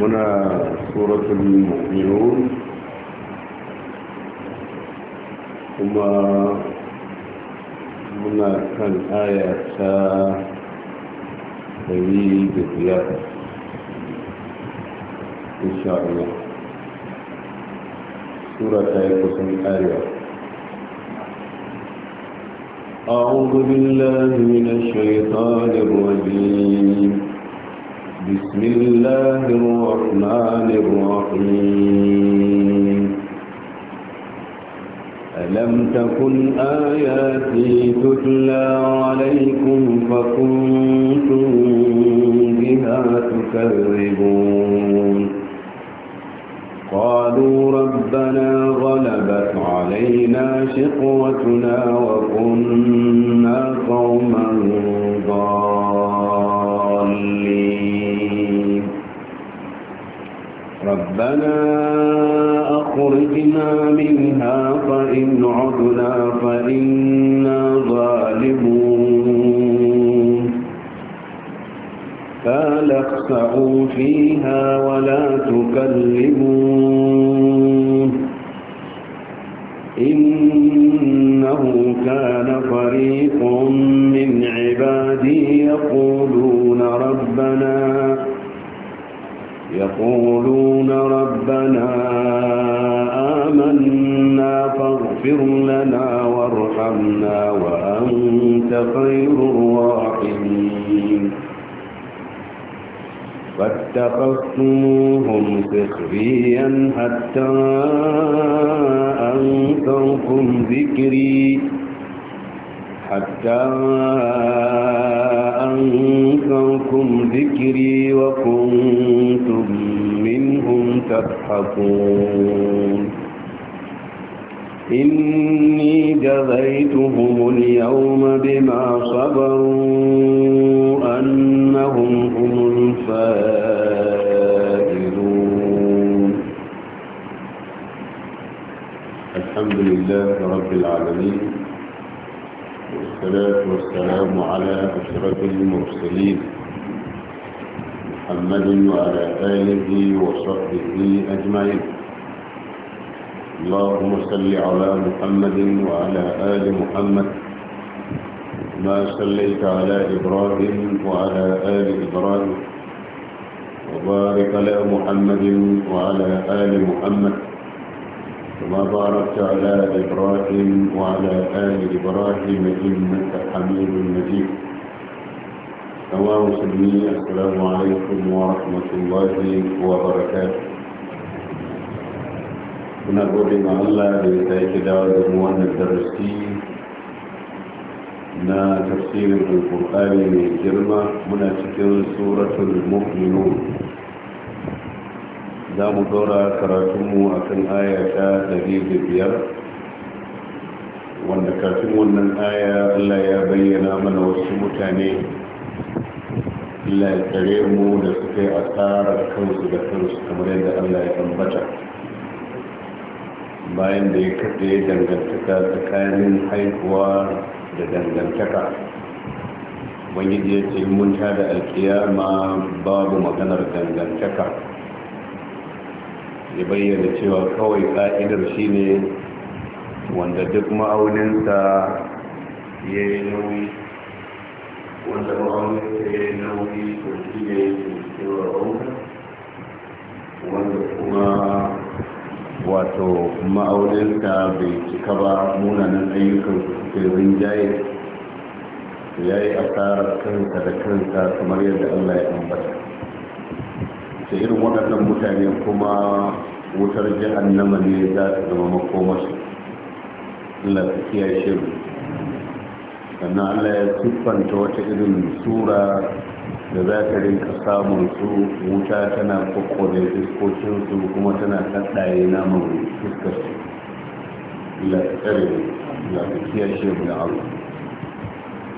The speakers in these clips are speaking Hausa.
هنا سورة المؤمنون ثم هنا كان آية سيدة يد إن شاء الله سورة يقسم آية أعوذ بالله من الشيطان الرجيم بسم الله الرحمن الرحيم ألم تكن آياتي تتلى عليكم فكنتم بها تكذبون قالوا ربنا غلبت علينا شقوتنا وكنا قوما ضالين ربنا أخرجنا منها فإن عدنا فإنا ظالمون قال اخسعوا فيها ولا تكلمون إنه كان فريق من عبادي يقولون ربنا يقولون ربنا آمنا فاغفر لنا وارحمنا وأنت خير الراحمين فاتخذتموهم سخريا حتى أنكركم ذكري حتى أنكركم ذكري تضحكون إني جزيتهم اليوم بما صبروا أنهم هم الفائزون الحمد لله رب العالمين والصلاة والسلام على أشرف المرسلين محمد وعلى آله وصحبه أجمعين اللهم صل على محمد وعلى آل محمد ما صليت على إبراهيم وعلى آل إبراهيم وبارك على محمد وعلى آل محمد كما باركت على إبراهيم وعلى آل إبراهيم إنك حميد مجيد كما مسلمين السلام عليكم ورحمة الله وبركاته muna gode ma Allah da ya sake da mu wannan darasi na tafsirin alƙur'ani mai girma muna cikin suratul mu'minun za mu dora karatunmu a kan aya ta biyar, wanda kafin wannan aya Allah ya bayyana mana wasu mutane Allah ya tsare mu da su kai tsara kansu da kansu kamar yadda Allah ya tambata? bayan da ya kaɗe dangantaka tsakanin haihuwa da dangantaka wani ya ce mun ta da alkiyama babu maganar dangantaka ya bayyana cewa kawai ƙa'idar shi ne wanda duk ma'auninsa ya yi nauyi wanda ba wani yi nauyi to shi ne wanda kuma wato ma'auninka bai cika ba munanan ayyukan suke rinjaye ya yi asarar kanka da kanka kamar yadda allah ya ambata da irin waɗannan mutane kuma wutar jihar ne za ta zama makomasu allah ta sannan allah ya siffanta wata irin sura da za ka rinka samun su wuta tana kokko da su kuma tana tsaddaye naman fuskar su lafiyar lafiyar shehu da allah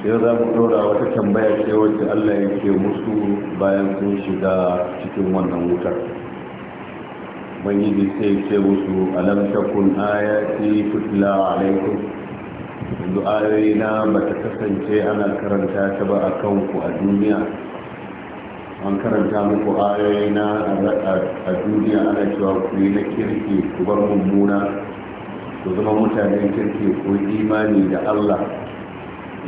sai za mu ɗora wata tambaya ce wacce allah ya ke musu bayan sun shiga cikin wannan wutar ubangiji sai ce musu alam takun ayati tutla alaikum yanzu ayoyi na ba ta kasance ana karanta ta ba a kanku a duniya an karanta muku ayoyi na a duniya ana cewa ku yi na kirki ku bar mummuna ku zama mutane kirki ko imani da allah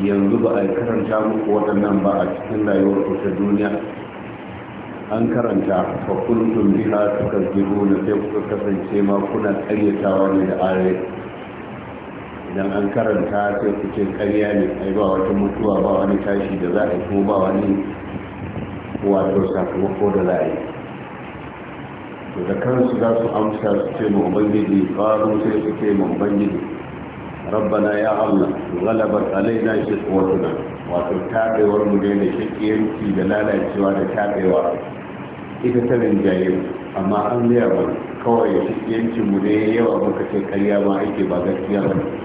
yanzu ba a karanta muku waɗannan ba a cikin rayuwar ta duniya an karanta fa kuntum biha tukazzibuna sai kuka kasance ma kuna ƙaryatawa ne da ayoyi dan an karanta sai ku ce ne ai ba wata mutuwa ba wani tashi da za a kuma ba wani wato sakamako da za a yi to da kansu za su amsa su ce mu ubangiji ƙaru sai su ce mu ubangiji rabbana ya allah na alaina shiqwatuna wato taɓewar mu ne da shakiyanci da lalacewa da taɓewa ita ta rinjaye amma an gaya ba kawai shakiyancin mu ne yawa muka ce ƙarya ma ake ba gaskiya ba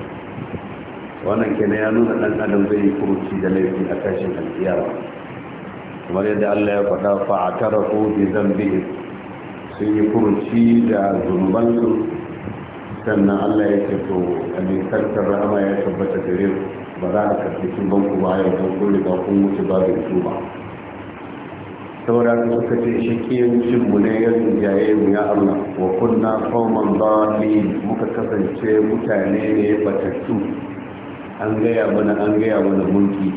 wannan kenan ya nuna dan adam zai yi da laifi a tashin alkiyama kamar yadda Allah ya faɗa fa atarafu bi dhanbihi sun yi da zumban su sannan Allah ya ce to karkar rahama ya tabbata gare ba za a karɓi ban ku ba yau don kun mutu ba wuce babu ba saboda su suka ce shi kiyancin mu ne ya jaye mu ya Allah wa kunna qauman dhalin muka kasance mutane ne batattu an gaya mana an gaya mana mulki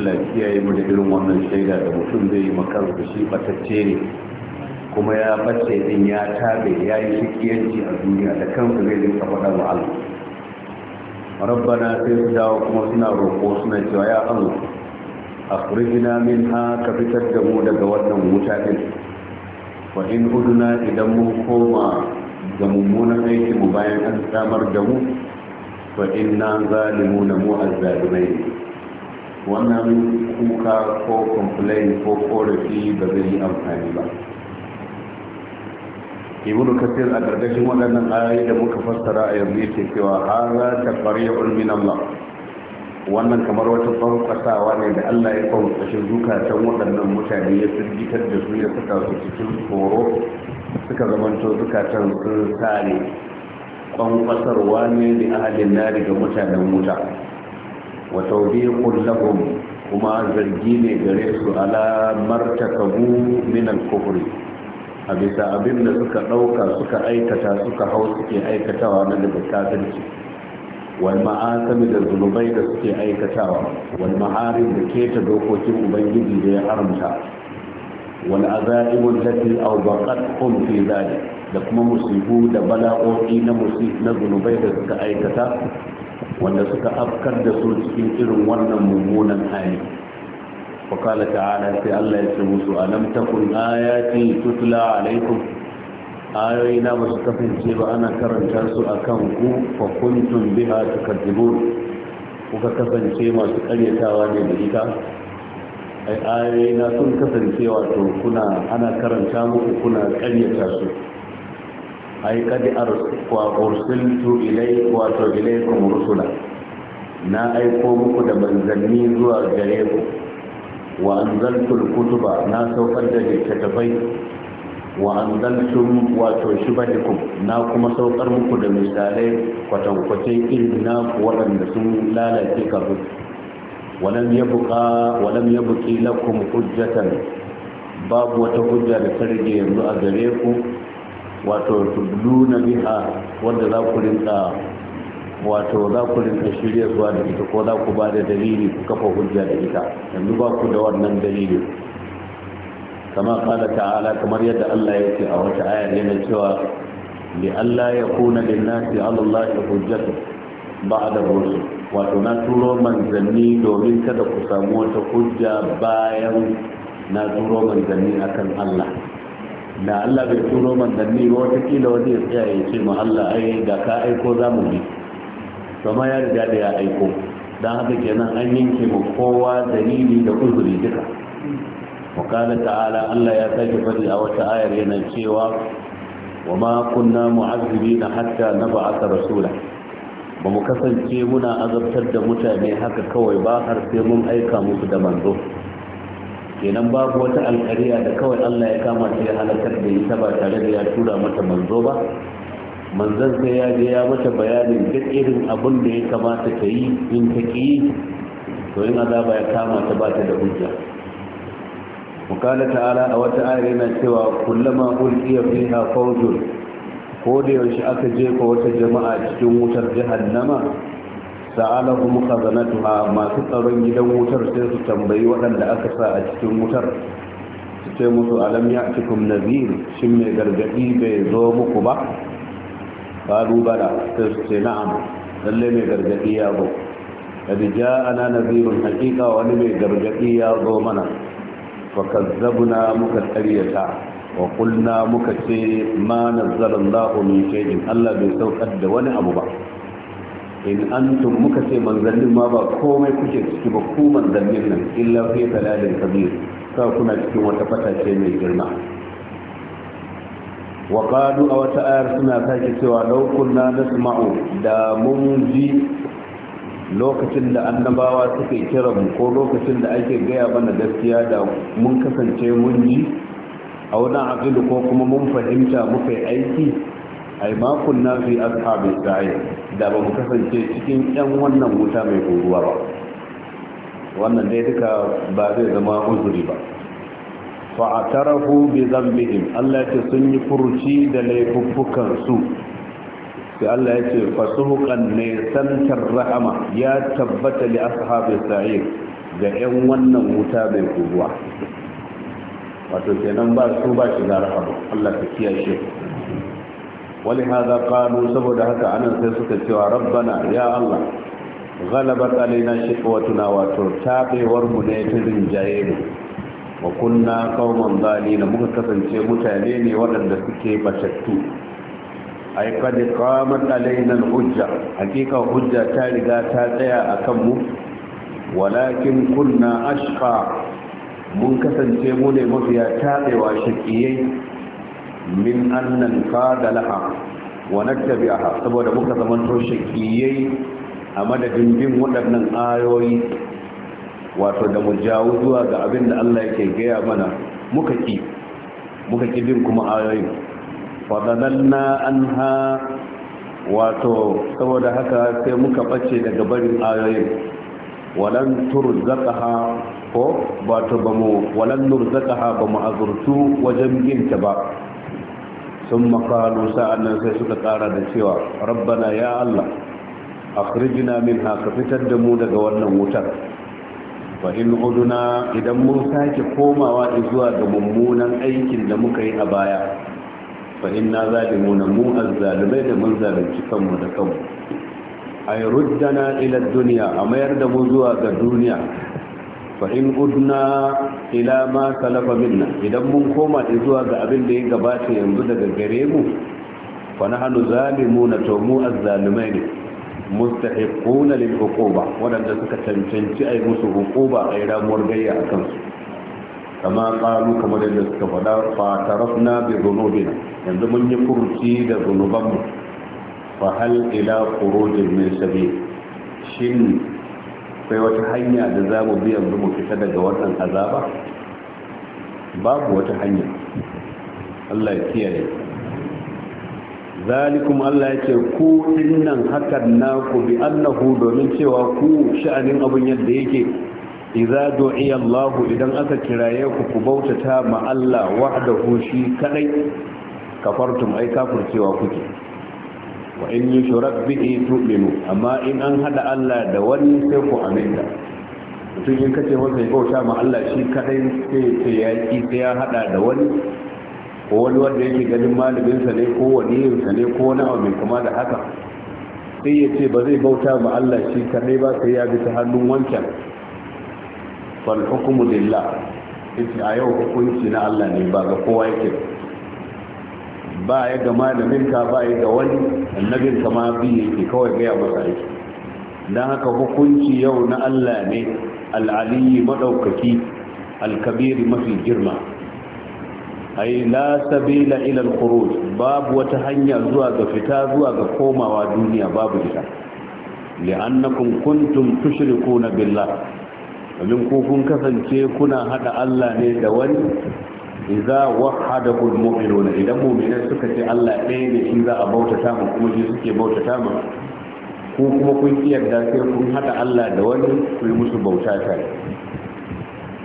Allah ya yi da irin wannan shaida da mutum zai yi makaru da shi batacce ne kuma ya bace din ya tabe ya yi shikiyanci a duniya da kansa zai dinka faɗa wa Allah rabbana sai su dawo kuma suna roƙo suna cewa ya Allah akhrijna minha ka fitar da mu daga wannan wuta din wa in uduna idan mun koma ga mummunan aiki mu bayan an samar da mu fa inna zalimuna mu azzalimai wannan kuka ko complain ko korafi ba zai yi amfani ba ibnu kasir a gargashin waɗannan ayoyi da muka fassara a yanzu yake cewa haza ta ƙarya min Allah wannan kamar wata farkasawa ne da Allah ya kwankwashe zukatan waɗannan mutane ya firgitar da su ya saka su cikin tsoro suka zamanto zukatan sun sare kwankwasarwa ne da ahalin nari ga mutanen wuta wa tawbiqul lahum kuma zargi ne gare su ala martakabu min al-kufri a bisa abin da suka dauka suka aikata suka hau suke aikatawa na daga kafirci wal ma'asami da zunubai da suke aikatawa wal maharin da keta dokokin ubangiji da ya haramta wal azaibul lati awbaqat hum fi dhalik da kuma musibu da bala'o'i na zunubai da suka aikata wanda suka afkar da su cikin irin wannan mummunan hali wa kala ta'ala sai Allah ya ce musu alam takun ayati tutla alaikum ayoyi na musu kafince ba ana karanta su akan ku fa kuntum biha tukadzibun kuka kasance masu karyatawa ne da ita ai ayoyi na sun kasance wato ana karanta muku kuna karyata su ai kadi wa ursiltu ilai wato ilaikum rusula na aiko muku da manzanni zuwa gare ku wa anzaltu kutuba na saukar da littattafai wa anzaltu wato shubadikum na kuma saukar muku da misalai kwatankwace irin na waɗanda sun lalace kafin walam yabqa walam yabqi lakum hujjatan babu wata hujja da ta yanzu a gare ku wato tubluna biha wanda za ku rinka wato za ku rinka shirya zuwa da ita ko za ku ba da dalili ku kafa hujja da ita yanzu ba ku da wannan dalili kama kala ta'ala kamar yadda Allah yake a wata aya yana cewa li Allah ya kuna lin nasi ala Allah hujjatu ba'da rusul wato na turo manzanni domin kada ku samu wata hujja bayan na turo manzanni akan Allah da Allah bai turo mandanni ba wata kila wani ya tsaya ya ce ma Allah ai da ka aiko za mu bi kuma ya riga da ya aiko don haka kenan an yanke mu kowa dalili da uzuri duka وقال تعالى الله يا تجبني أو تعاير wa وما كنا معذبين حتى نبعث rasula. ba mu kasance muna azabtar da mutane haka kawai ba har sai mun aika musu da manzo kenan babu wata alkariya da kawai Allah ya kama ta ya halakar da ita ba tare da ya tura mata manzo ba manzon sai ya je ya mata bayanin duk irin abin da ya kamata ta yi in ta ki to in azaba ya kama ta ba ta da hujja a wata cewa تعالى أو تعالى ko ko yaushe yaushe aka jefa wata jama'a cikin wutar jahannama? sa'alahum khazanatuha masu tsaron gidan wutar sai su tambayi waɗanda aka sa a cikin wutar su ce musu alam cikin nadhir shin mai gargadi bai zo muku ba qalu bala sai su ce na'am lalle mai gargadi ya zo kad ja'ana nadhirun haqiqa wani mai gargadi ya zo mana fa muka qaryata wa muka ce ma nazzala Allahu min shay'in Allah bai saukar da wani abu ba in antum muka ce manzannin ma ba komai kuke ciki ba ku manzannin nan illa fi dalalin kabir sa kuna cikin wata fata ce mai girma wa a aw ta'ar suna sake cewa law kunna nasma'u da mun ji lokacin da annabawa suke kira mu ko lokacin da ake gaya mana gaskiya da mun kasance mun ji a wani aqilu ko kuma mun fahimta muka yi aiki ai ma kunna fi ashabi sa'i da ba mu kasance cikin yan wannan wuta mai goruwa ba wannan dai duka ba zai zama uzuri ba fa atarahu bi dhanbihim Allah ya ce sun yi furuci da laifuffukan su sai Allah ya ce fasuhuqan ne santar rahama ya tabbata li ashabi sa'i ga yan wannan wuta mai goruwa wato kenan ba su ba shiga rahama Allah ta kiyaye shi wani haza kanu saboda haka anan sai suka cewa rabbana ya Allah galabat alaina tuna wato tabewar mu ne ta rinjaye ne. wa kunna qauman zalina muka kasance mutane ne waɗanda suke batattu ai kad qamat hujja hakika hujja ta riga ta tsaya a kanmu. walakin kunna ashqa mun kasance mu ne mafiya tabewa shaqiyai min annan fada laha wa nattabi'aha saboda muka to shakiyai a madadin bin waɗannan ayoyi wato da mu jawo zuwa ga abin da Allah yake gaya mana muka ki muka ki bin kuma ayoyin fadalanna anha wato saboda haka sai muka bace daga barin ayoyin walan turzaqaha ko wato bamu walan nurzaqaha bamu azurtu wajen ginta ba sun makalu sa'annan sai suka tsara da cewa rabbana ya Allah akhrijna min haka fitar da mu daga wannan wutar ba in uduna idan mun sake komawa zuwa ga mummunan aikin da muka yi a baya fa inna zalimuna mu da mun zalunci kanmu da kanmu yi ruddana ilar duniya a mayar da mu zuwa ga duniya fa'in udna ila ma salafa minna idan mun koma zuwa ga abin da ya gabata yanzu daga gare mu fa nahnu zalimuna to mu azzalimai ne mustahiquna lil huquba waɗanda suka cancanci ai musu a ai ramuwar gayya akan su kama qalu kamar yadda suka faɗa fa tarafna bi dhunubina yanzu mun yi kurci da zunubanmu fa hal ila khurujin min sabil shin akwai wata hanya da za mu bi mu fita daga wannan azaba babu wata hanya Allah ya kiyaye zalikum Allah ya ce ku dinnan hakan naku bi annahu domin cewa ku sha'anin abun yadda yake idza du'iya Allah idan aka kiraye ku ku bautata ma Allah wahdahu shi kadai kafartum ai kafircewa kuke wa in yushrak bihi tu'minu amma in an haɗa Allah da wani sai ku aminta mutum in kace masa ya bauta ma Allah shi kadai sai ce ya ki sai ya hada da wani ko wani wanda yake ganin malamin sa ne ko wani sa ne ko wani abu mai da haka sai ya ce ba zai bauta ma Allah shi kadai ba sai ya bi ta hannun wancan fal hukmu lillah yace a yau hukunci na Allah ne ba ga kowa yake ba ba ya ga malaminka ba ya ga wani annabin ma bi yake kawai gaya masa aiki Dan haka hukunci yau na Allah ne al'aliyi maɗaukaki alkabiri mafi girma ai la sabila ila al-khuruj babu wata hanya zuwa ga fita zuwa ga komawa duniya babu ita li'annakum kuntum tushrikuna billah domin ku kun kasance kuna hada Allah ne da wani Iza idza wahadahu mu'minuna idan mu'minai suka ce Allah ɗaya ne shi za a bautata mu kuma shi suke bautata mu ko kuma kun da sai kun hada Allah da wani kun musu bauta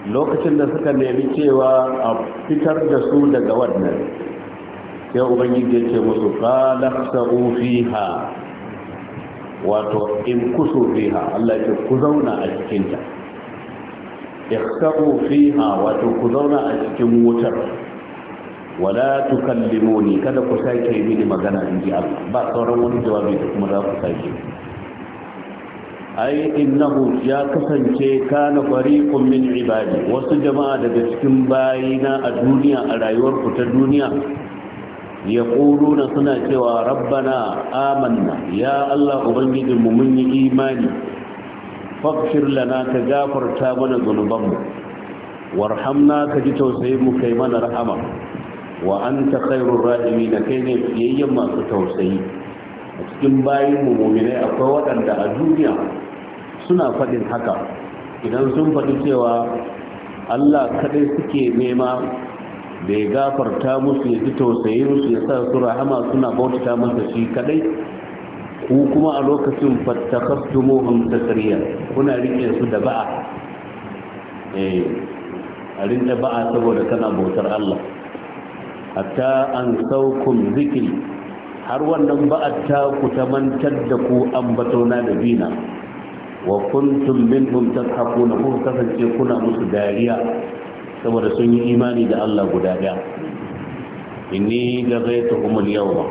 lokacin da suka nemi cewa a fitar da su daga wannan sai ubangiji ya ce musu qala sa'u fiha wato in kusu fiha Allah ya ce ku zauna a cikin ta ikhtaru fiha wato ku zauna a cikin wutar wala tukallimuni kada ku sake mini magana in ji Allah ba sauran wani jawabi da kuma za ku sake ai innahu ya kasance kana fariqun min ibadi wasu jama'a daga cikin bayina a duniya a rayuwar ku ta duniya yaquluna suna cewa rabbana amanna ya Allah ubangijinmu mun yi imani faghfir lana ka gafarta mana zunubanmu warhamna ka ji tausayin mu kai mana rahama wa anta khairur rahimin kai ne fiyayyen masu tausayi a cikin bayin mu mu'minai akwai waɗanda a duniya suna faɗin haka idan sun faɗi cewa Allah kaɗai suke nema da gafarta musu ya ji tausayin su ya sa su rahama suna bautata masa shi kaɗai ku kuma a lokacin fattakastumuhum tasriya kuna rike su da ba'a eh a rinda ba'a saboda kana bautar Allah hatta an saukun zikiri har wannan ba'a ta ku ta mantar da ku ambatona da bina wa kuntum minhum na kun kasance kuna musu dariya saboda sun yi imani da Allah guda daya inni gazaituhum al-yawma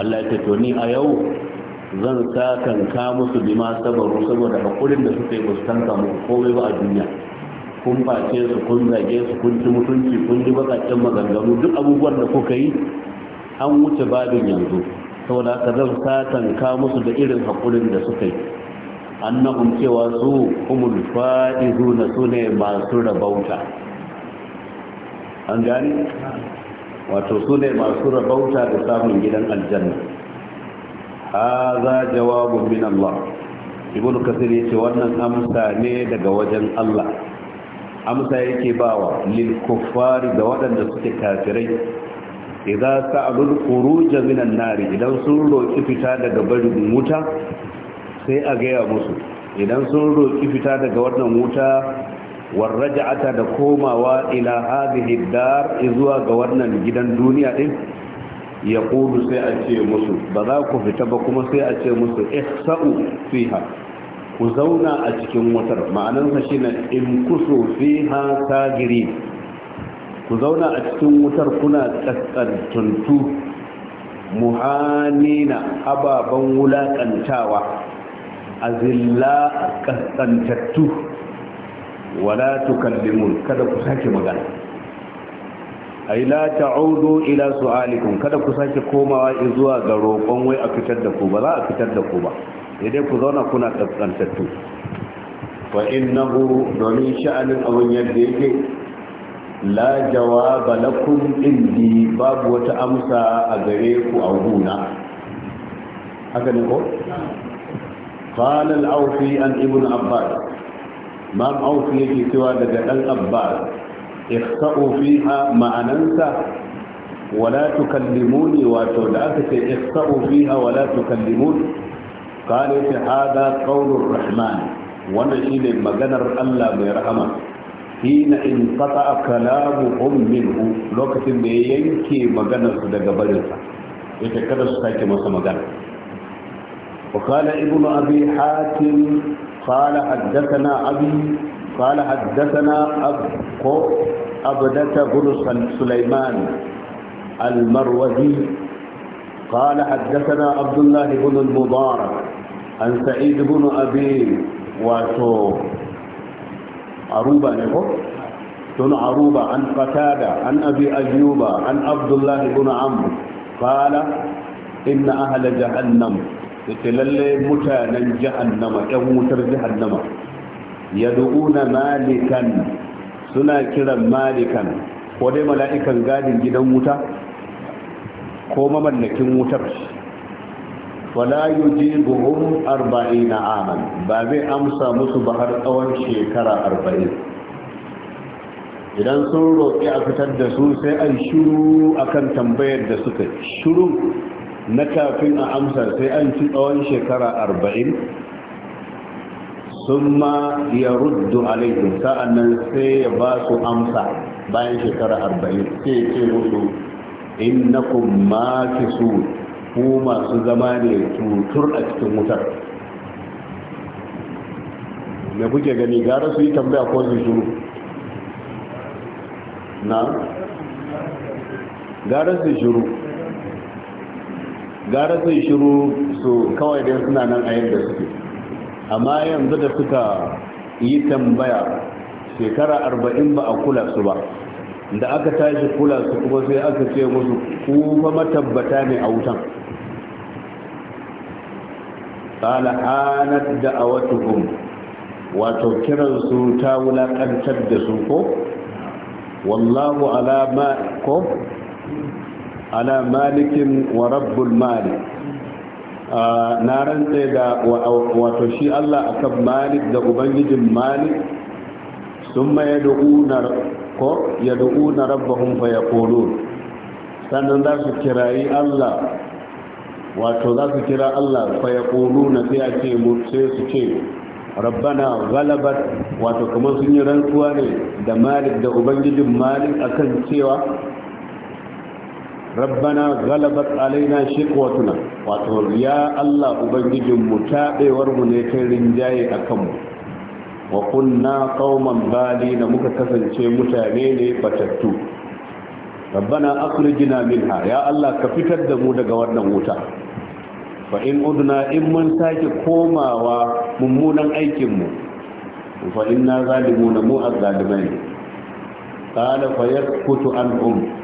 Allah ya ce to ni a yau zan sakan ka musu bima sabaru saboda hakurin da suka yi ba su mu komai ba a duniya kun face su kun zage su kun ci mutunci kun ji bakakken maganganu duk abubuwan da kuka yi an wuce babin yanzu saboda haka zan sakan musu da irin hakurin da suka yi annahum cewa su na su ne masu rabauta an gani wato sune masu rabauta da samun gidan aljanna haza jawabun min Allah ibn kasir yace wannan amsa ne daga wajen Allah amsa yake bawa lil kuffar da waɗanda suke kafirai idza sa'alul khuruj min an-nar idan sun roki fita daga barin wuta sai a gaya musu idan sun roki fita daga wannan wuta raj'ata da komawa ila hadhihi dar zuwa ga wannan gidan duniya din ya sai a ce musu ba za ku fita ba kuma sai a ce musu ihsa'u fiha ku zauna a cikin wutar ma'anarsa shi na in kuso fiha sagiri ku zauna a cikin wutar kuna tsatsantuntu muhanina ababen wulaƙantawa azilla ƙasƙantattu wala tukallimun kada ku sake magana ai la ta'udu ila su'alikum kada ku sake komawa zuwa ga roƙon wai a fitar da ku ba za a fitar da ku ba idan ku zauna kuna kaskantattu wa innahu domin sha'anin abun yadda yake la jawaba lakum indi babu wata amsa a gare ku a huna haka ne ko qala al-awfi an ibn abbas mam awfi yake cewa daga dan abbas ikhsa'u fiha ma'anansa wala tukallimuni wato da aka ce ikhsa'u fiha wala tukallimuni qala ta hada qawlur rahman wannan shine maganar Allah mai rahama hina in qata'a kalamuhum minhu lokacin da ya yanke maganar su daga barinsa ita kada su sake masa magana وقال ابن أبي حاتم قال حدثنا أبي قال حدثنا أبو أبدة بن سليمان المروزي قال حدثنا عبد الله بن المبارك عن سعيد بن أبي واتو عروبة نقول عن عروبة عن قتادة عن أبي أيوب عن عبد الله بن عمرو قال إن أهل جهنم يتلل متانا جهنم أو متر جهنم yad'una malikan suna kiran malikan ko dai mala'ikan gadin gidan wuta ko mamallakin wutar wala yujibuhum 40 aman ba zai amsa musu ba har tsawon shekara 40 idan sun roƙi a fitar da su sai an shiru akan tambayar da suka shiru na kafin a amsa sai an ci tsawon shekara arba'in summa ya ruddu alaikum sa'annan sai ya ba su amsa bayan shekara arba'in sai ce musu innakum su, ku masu zama ne tutur a cikin wutar me kuke gani gara su yi tambaya ko su shuru na gara su shuru gara su shuru su kawai dai suna nan a yadda suke amma yanzu da suka yi tambaya shekara arba'in ba a kula su ba da aka tashi kula su kuma sai aka ce musu kufa matabbata ne a wutan tsala hanar da a watuhun wato kiransu ta wulaƙantar da su ko wallahu alama ko malikin wa rabbul malik na rantse da wato shi Allah akan malik da ubangijin malik sun ma ya du'u na rabbahun faya kolo sannan za su kirayi Allah wato za su kira Allah faya kolo na sai a ce sai su ce rabbana galabat wato kuma sun yi rantsuwa ne da malik da ubangijin malik akan cewa rabbana galabat alaina shiqwatuna wato ya Allah ubangijin mu tabewar mu ne kai rinjaye akan mu wa kunna qauman balina muka kasance mutane ne fatattu rabbana akhrijna minha ya Allah ka fitar da mu daga wannan wuta fa in udna in mun sake komawa mummunan aikin mu fa inna zalimuna mu azzalimai qala fa yakutu anhum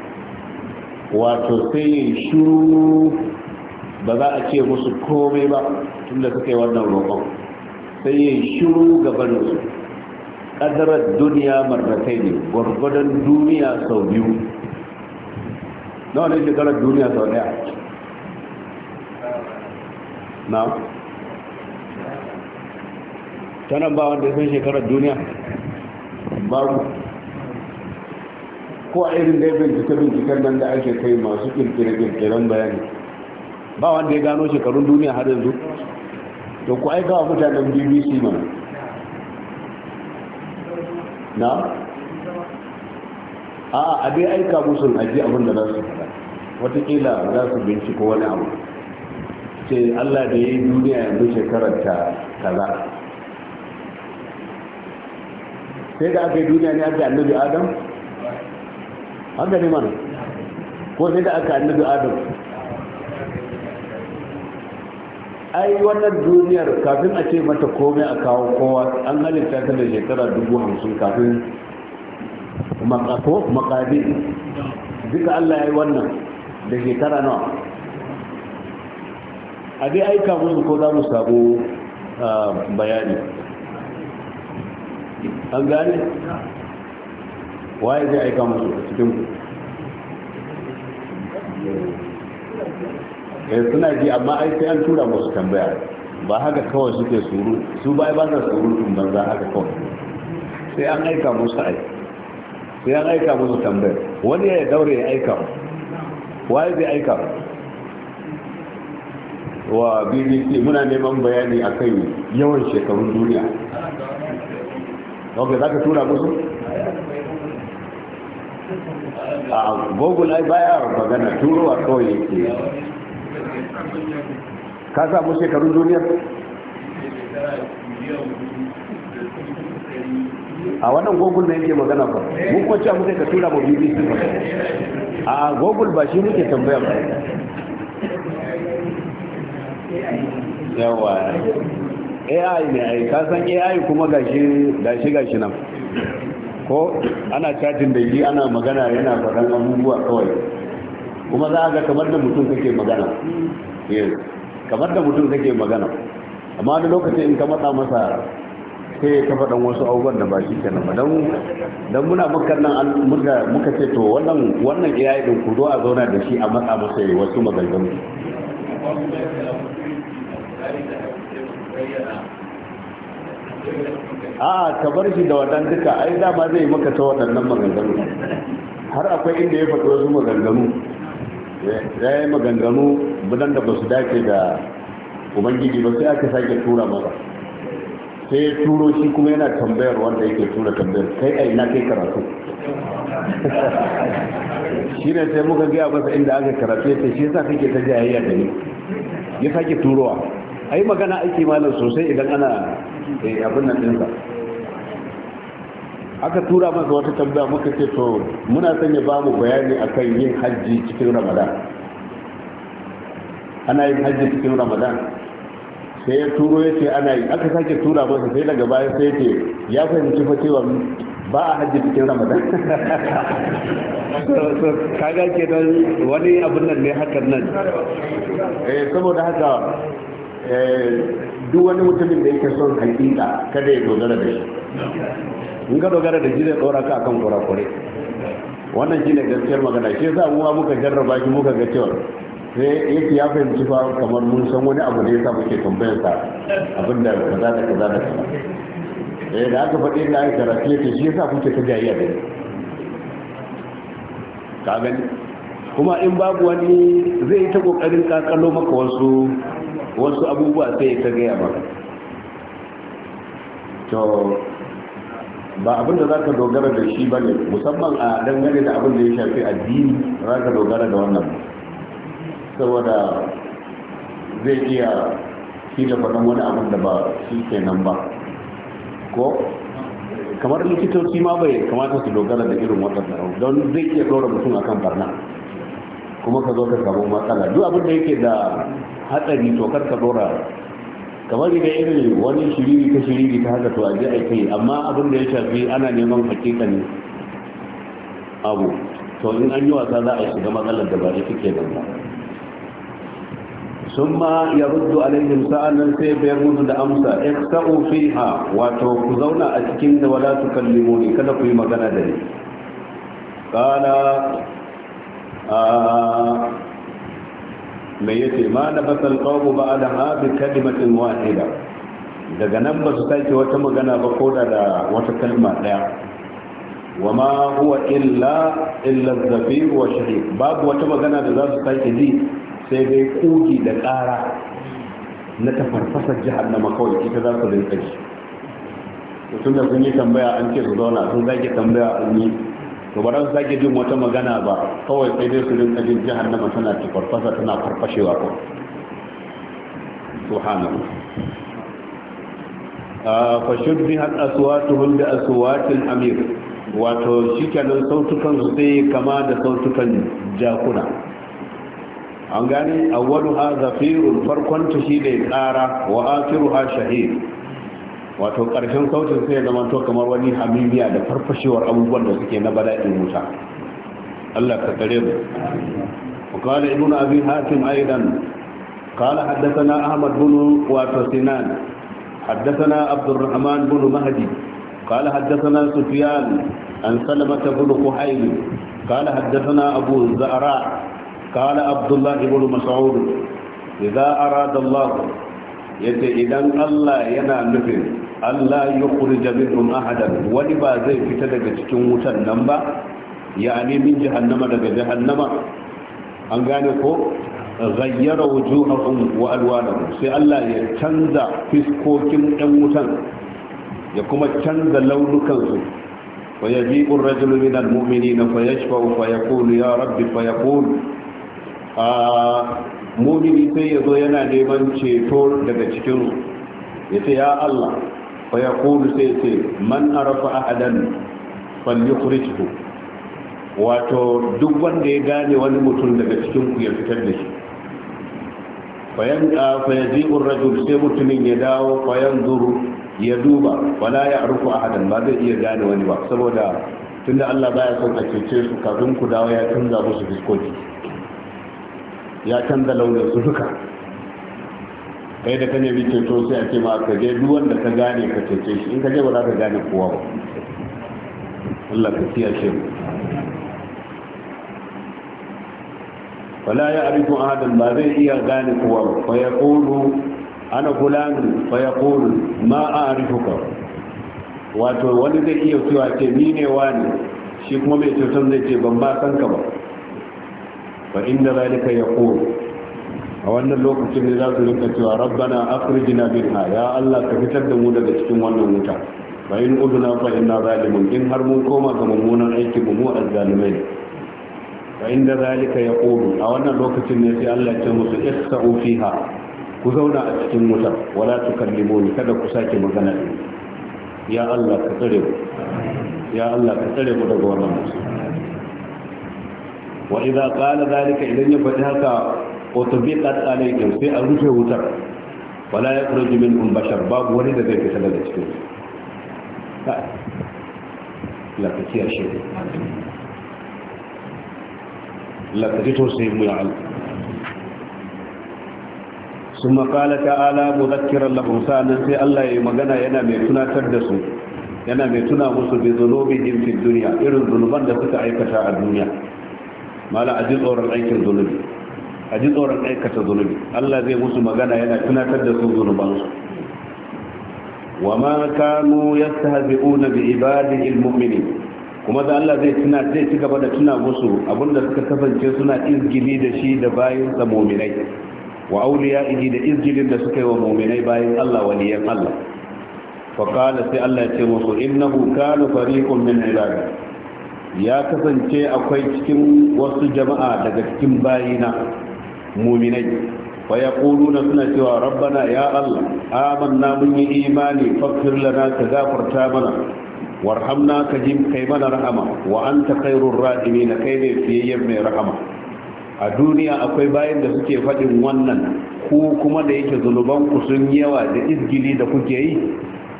wato sai yi shuru ba za a ce musu komai ba tun da suka yi wannan roƙon sai yi shuru su ƙadarar duniya marmatai ne gwargwadon duniya sau biyu na wani shekarar duniya sau daya na tanan ba wanda sun shekarar duniya ba ko a irin dai bincike-binciken nan da ake kai masu kirkire-kirkiren bayani ba wanda ya gano shekarun duniya har yanzu to ku aika wa mutanen bbc mana na a a dai aika musu aji abin da za su fada watakila za su binciko wani abu ce allah da ya yi duniya yanzu shekarar ta kaza sai da aka yi duniya ne aka annabi adam haka ne mana ko sai da aka annabi adam ai wannan duniyar kafin a ce mata komai a kawo kowa an halitta ta da shekara dubu hamsin kafin makako makadi duka allah ya yi wannan da shekara nawa a dai aika musu ko za mu sabo ah, bayani an gane waye zai aika musu a cikin ku eh suna ji amma ai sai an tura musu tambaya ba haka kawai suke suru su bai ba sa surutun banza haka kawai sai an aika musu ai sai an aika musu tambaya wani ya daure ya aika waye zai aika wa bbc muna neman bayani akan yawan shekarun duniya ok za ka tura musu a google ai baya magana turowa kawai yake ka samu shekarun duniya a wannan google na yake magana ba mun kuma cewa muka ka tura ba bbc ba a google ba shi muke tambaya ba yawa ai ne ai ka san ai kuma gashi gashi gashi nan ko ana cajin da yi ana magana yana faɗan abubuwa kawai kuma za a ga kamar da mutum kake magana kamar da mutum kake magana amma da lokacin in ka matsa masa sai ka faɗan wasu abubuwan da ba shi kenan ba don don muna mukan nan muka ce to wannan wannan iyaye din ku zo a zauna da shi a matsa masa wasu maganganu a'a ka bar shi da wadan duka ai dama zai maka ta waɗannan maganganu har akwai inda ya faɗo wasu maganganu ya yi maganganu budan da ba su dace da ubangiji ba sai aka sake tura maka. sai ya turo shi kuma yana tambayar wanda yake tura tambayar kai a ina kai karatu shi ne sai muka gaya masa inda aka karatu ya ce shi yasa kake ta jayayya da ni ya sake turowa ai magana aiki malar sosai idan ana Eh, abin nan ɗinsa aka tura masa wata tambaya muka ce to muna son ya ba mu bayani akan yin hajji cikin ramadan ana yin hajji cikin ramadan sai ya turo ya ce ana yi aka sake tura masa sai daga baya sai ce ya fahimci fa cewa ba a hajji cikin ramadan so kaga ke don wani abin nan ne hakan nan eh saboda haka eh, duk wani mutumin da yake son hakika kada ya dogara da shi in ka dogara da shi zai tsora ka kan kurakure wannan shine gaskiyar magana shi yasa mu muka jarraba shi muka ga cewa sai yake ya fahimci fa kamar mun san wani abu ne yasa muke tambayar sa abinda kaza da kaza da kaza eh da aka faɗi da aka rafe yake shi yasa kuke ta jayya da ka gani kuma in babu wani zai yi ta kokarin kakalo maka wasu wasu abubuwa sai ya gaya maka to ba abin da za ka dogara da shi ba ne musamman a dangane da abin da ya shafi addini za ka dogara da wannan saboda zai iya shi da faɗin wani abin da ba shi ke nan ba ko kamar likitoci ma bai kamata su dogara da irin waɗannan don zai iya ɗora mutum akan barna kuma ka zo ka samu matsala duk abin da yake da hatsari to karka dora kamar da irin wani shiriri ta shiriri ta haka to a ji aiki amma abin da ya shafi ana neman hakikan abu to in an yi wasa za a shiga matsalar da ba ita ke nan ba sun ma ya ruddu alaihim nan sai bayan musu da amsa fi fiha wato ku zauna a cikin da wala su kalli ne kada ku yi magana da ni Kala. Ah, mai yace ma na basal qawmu ba'da ma bi kalimatin wahida daga nan ba su sake wata magana ba ko da wata kalma daya wa ma huwa illa illa zafir wa shahiq babu wata magana da za su sake ji sai dai kugi da ƙara na tafarfasar jahannama kawai ita za su rinka shi tun da sun yi tambaya an ce su zauna sun zaki tambaya an yi to ba za su sake jin wata magana ba kawai sai dai su rinka jin jahannama tana ta farfasa tana farfashewa ko subhanallah fa shubbihat aswatuhum bi aswatil amir wato shikenan sautukan su sai kama da sautukan jakuna an gani awwaluha zafirun farkon ta shi ne tsara wa akhiruha shahid wato ƙarshen sautin sai zama to kamar wani hamimiya da farfashewar abubuwan da suke na bada'in wuta Allah ka kare mu وقال ابن أبي حاتم أيضا قال حدثنا أحمد بن واتسنان حدثنا عبد الرحمن بن مهدي قال حدثنا سفيان عن سلمة بن قحيل قال حدثنا أبو الزهراء قال عبد الله بن مسعود إذا أراد الله yace idan Allah yana nufin Allah ya kurja minhum ahadan wani ba zai fita daga cikin wutan nan ba yani min jahannama daga jahannama an gane ko ghayyara wujuhahum wa alwanahum sai Allah ya canza fiskokin dan wutan ya kuma canza launukan su fa yaji'u ar-rajulu min al fa yashfa'u fa yaqulu ya rabbi fa yaqulu ah, mumini sai ya zo yana neman ceto daga cikin ya ce ya Allah fa ya kulu sai ce man arafa ahadan falyukhrijhu wato duk wanda ya gane wani mutum daga cikin ku ya fitar da shi fayan fa yazi'u rajul sai mutumin ya dawo fayan zuru ya duba wala ya arfu ahadan ba zai iya gane wani ba saboda tunda Allah baya son a cece su kafin ku dawo ya canza musu fiskoki ya canza launin su duka kai da ka nemi ceto sai a ce ma ka je duk wanda ka gane ka cece shi in ka je ba za ka gane kowa ba Allah ka kiyashe mu wala ya arifu adam ba zai iya gane kowa fa ya qulu ana fulan fa ya qulu ma a'rifuka wato wani zai iya cewa ce ni ne wani shi kuma mai ceton zai ce ban ba san ka ba fa inda zalika yaqul a wannan lokacin ne za su rinka cewa rabbana akhrijna minha ya Allah ka fitar da mu daga cikin wannan wuta fa in udna fa inna zalimun in har mun koma ga mummunan aiki mu mu azzalimai fa inda zalika yaqul a wannan lokacin ne sai Allah ya ce musu ihsa'u fiha ku zauna a cikin wuta wala tukallimuni kada ku sake magana ya Allah ka tsare ya Allah ka tsare mu daga wannan musu wa idza qala zalika idan ya faɗi haka utbiqat alaykum sai a rufe wutar wala yakhruju minhum bashar babu wani da zai fita daga cikin la ka kiyaye shi la ka ji tausayin mu ya Allah ثم قال تعالى مذكرا لهم سانا في الله يمغنا yana mai tunatar da su yana mai tuna musu bi dhunubihim fi dunya irin dhunuban da suka aikata a duniya mala a ji tsoron aikin zunubi a ji tsoron aikata zunubi Allah zai musu magana yana tunatar da su zunubansu wa ma kanu yastahzi'una bi ibadihi almu'minin kuma da Allah zai tuna zai ci gaba da tuna musu abinda suka kasance suna izgili da shi da bayin sa mu'minai wa iji da izgilin da suka yi wa mu'minai bayan Allah waliyan Allah fa qala sai Allah ya ce musu innahu kana fariqun min ibadihi ya kasance akwai cikin wasu jama'a daga cikin bayina muminai fa na suna cewa rabbana ya allah amanna mun yi imani faghfir lana ka gafarta mana warhamna ka ji kai mana rahama wa anta khairur na kai ne fiyayyen mai rahama a duniya akwai bayan da suke faɗin wannan ku kuma da yake zunuban ku sun yawa da izgili da kuke yi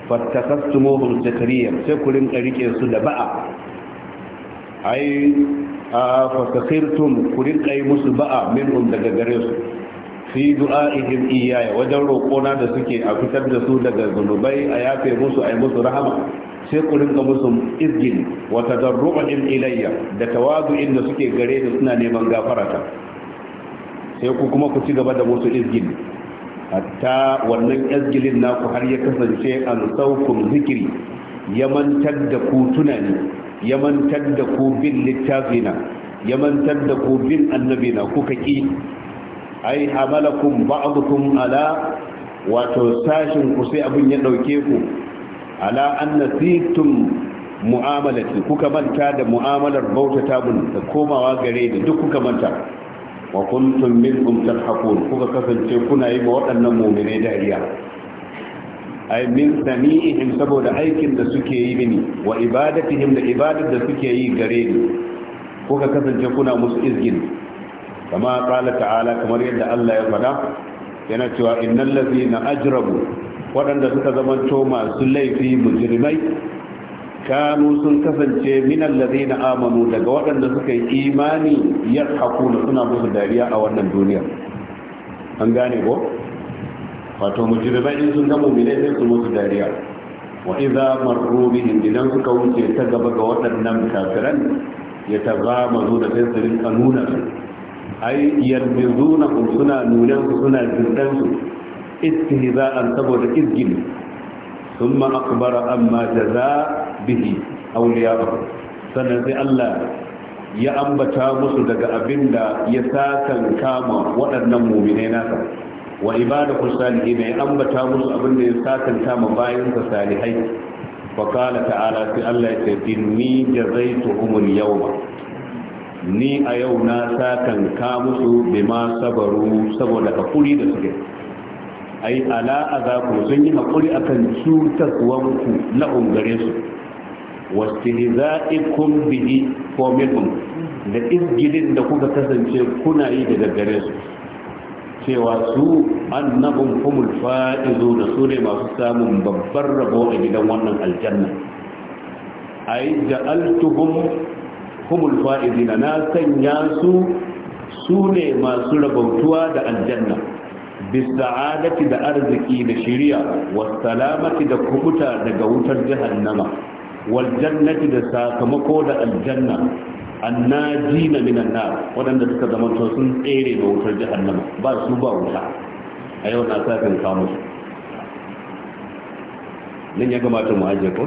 fattakastumuhum zakariya sai ku rinka rike su da ba'a ai a fasakirtum ku musu ba'a min um daga gare su fi du'a'ihim iyaya wajen roƙona da suke a fitar da su daga zunubai a yafe musu a yi musu rahama sai ku rinka musu izgin wa tadarru'in ilayya da tawadu'in da suke gare da suna neman gafarata sai ku kuma ku ci gaba da musu izgin hatta wannan izgilin naku har ya kasance an saukum zikiri ya mantar da ku tunani ya da ku bin littafina ya da ku bin annabina kuka ki ai amalakum ba'dukum ala wato sashin ku sai abin ya dauke ku ala annasitum mu'amalati kuka manta da mu'amalar bautata mun da komawa gare ni duk kuka manta wa kuntum minkum tarhaqun kuka kasance kuna yi wa waɗannan mu'mine dariya ay min sami'ihim saboda aikin da suke yi mini wa ibadatihim da ibadar da suke yi gare ni kuka kasance kuna musu izgin kama qala ta'ala kamar yadda Allah ya faɗa yana cewa innal ladina ajrabu waɗanda suka zamanto masu laifi mujrimai kanu sun kasance min na amanu daga waɗanda suka yi imani yadhakuna suna musu dariya a wannan duniya an gane ko wato mujirbai in sun ga mu'minai sai su musu dariya wa idza marru bihim idan suka wuce ta gaba ga waɗannan kafiran ya tazamazu da sai su rinka nuna su ai yalmizuna kun suna nunan su suna jirdan su istihza'an saboda izgili thumma akbara amma jaza bihi awliyahu sannan sai Allah ya ambata musu daga abinda ya sakan kama waɗannan mu'minai nasa wa ibadaku salihin ya ambata musu abin da ya sakanta ma bayan sa salihai fa qala ta'ala fi Allah ya ce inni jazaituhumul yawma ni a yau na sakanka musu bima sabaru saboda hakuri da suke ai ala azaku sun yi hakuri akan cutarwanku na ungare su wastihza'ikum bihi ko minhum da izgilin da kuka kasance kuna yi daga gare su cewa su annabin humul fa'izu da su ne masu samun babbar rabo a gidan wannan aljanna a yi ja'altuhum humul fa'izi na na sanya su su ne masu rabautuwa da aljanna bisa'adati da arziki da shiriya wasalamati da kubuta daga wutar jahannama waljannati da sakamako da aljanna annajina minan nar waɗanda suka zama to sun tsere da wutar jahannama ba su ba wuta a yau na sakin kamus nan ya kamata mu aje ko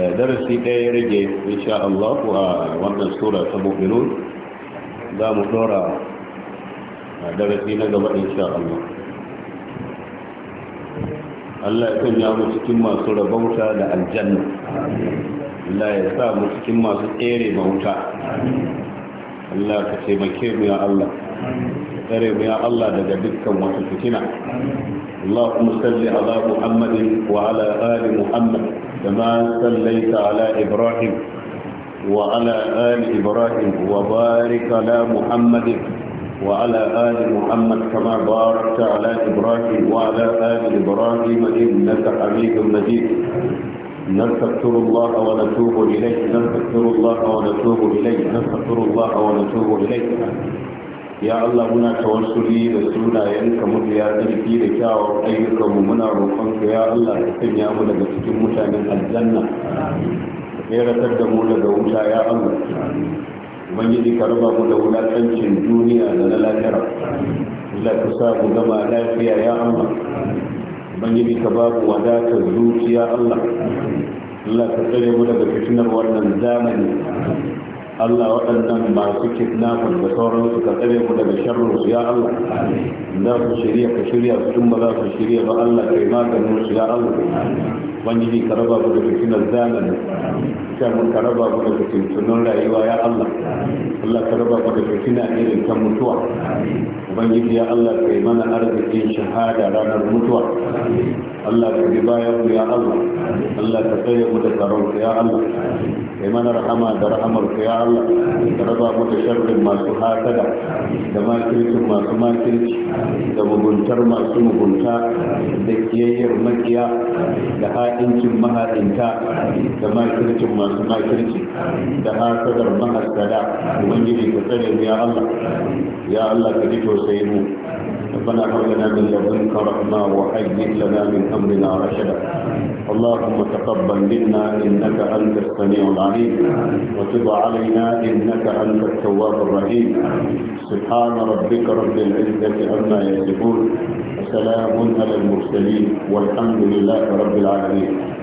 eh, darasi ɗaya ya rage insha Allah a wannan sura ta mu'minun za mu dora darasi na gaba insha Allah Allah ya sanya mu cikin masu rabauta da aljanna Allah ya sa mu cikin masu tsere bauta Allah ka ce make mu ya Allah tsere mu ya Allah daga dukkan wata fitina Allahumma salli ala Muhammadin wa ala ali Muhammad kama sallaita ala Ibrahim wa ali Ibrahim wa barik ala Muhammadin wa ali Muhammad kama barakta ala Ibrahim wa ali Ibrahim innaka Hamidum Majid نستغفر الله ونتوب إليه نستغفر الله ونتوب إليه نستغفر الله ونتوب إليه ya Allah muna tawassuli da sunayenka mutu ya tsarki da kyawun ayyukanmu muna roƙonka ya Allah ka sanya mu daga cikin mutanen aljanna ka tseratar da mu daga wuta ya Allah ubangiji ka raba mu da wulaƙancin duniya da na lahira mu gama lafiya ya Allah ubangiji ka ba ku wadatar zuciya Allah Allah ka tsare mu daga fitinar wannan zamani Allah waɗannan masu kidnafin da sauransu ka tsare ku daga sharrinsu ya Allah za su shirya ka shirya su tun ba za su shirya ba Allah ka yi maganin su ya Allah ubangiji ka raba ku da fitinar zalani mun ka raba ku da fitintunan rayuwa ya Allah Allah ka raba ku da fitina irin ta mutuwa ubangiji ya Allah ka yi mana arzikin shahada ranar mutuwa Allah ka bi bayan ya Allah Allah ka tsare mu da tsaron ya Allah kai mana rahama da rahamar ku ya Allah da raba mu sharrin masu hasada da makirci masu makirci da muguntar masu mugunta da kiyayyar makiya da ha'incin mahaɗinta da makircin masu makirci da hasadar mahasada ubangiji ka tsare mu ya Allah ya Allah ka ji tausayi mu ربنا هب لنا من لدنك رحمة وهيئ لنا من أمرنا رشدا اللهم تقبل منا إنك أنت السميع العليم وتب علينا إنك أنت التواب الرحيم سبحان ربك رب العزة عما يصفون وسلام على المرسلين والحمد لله رب العالمين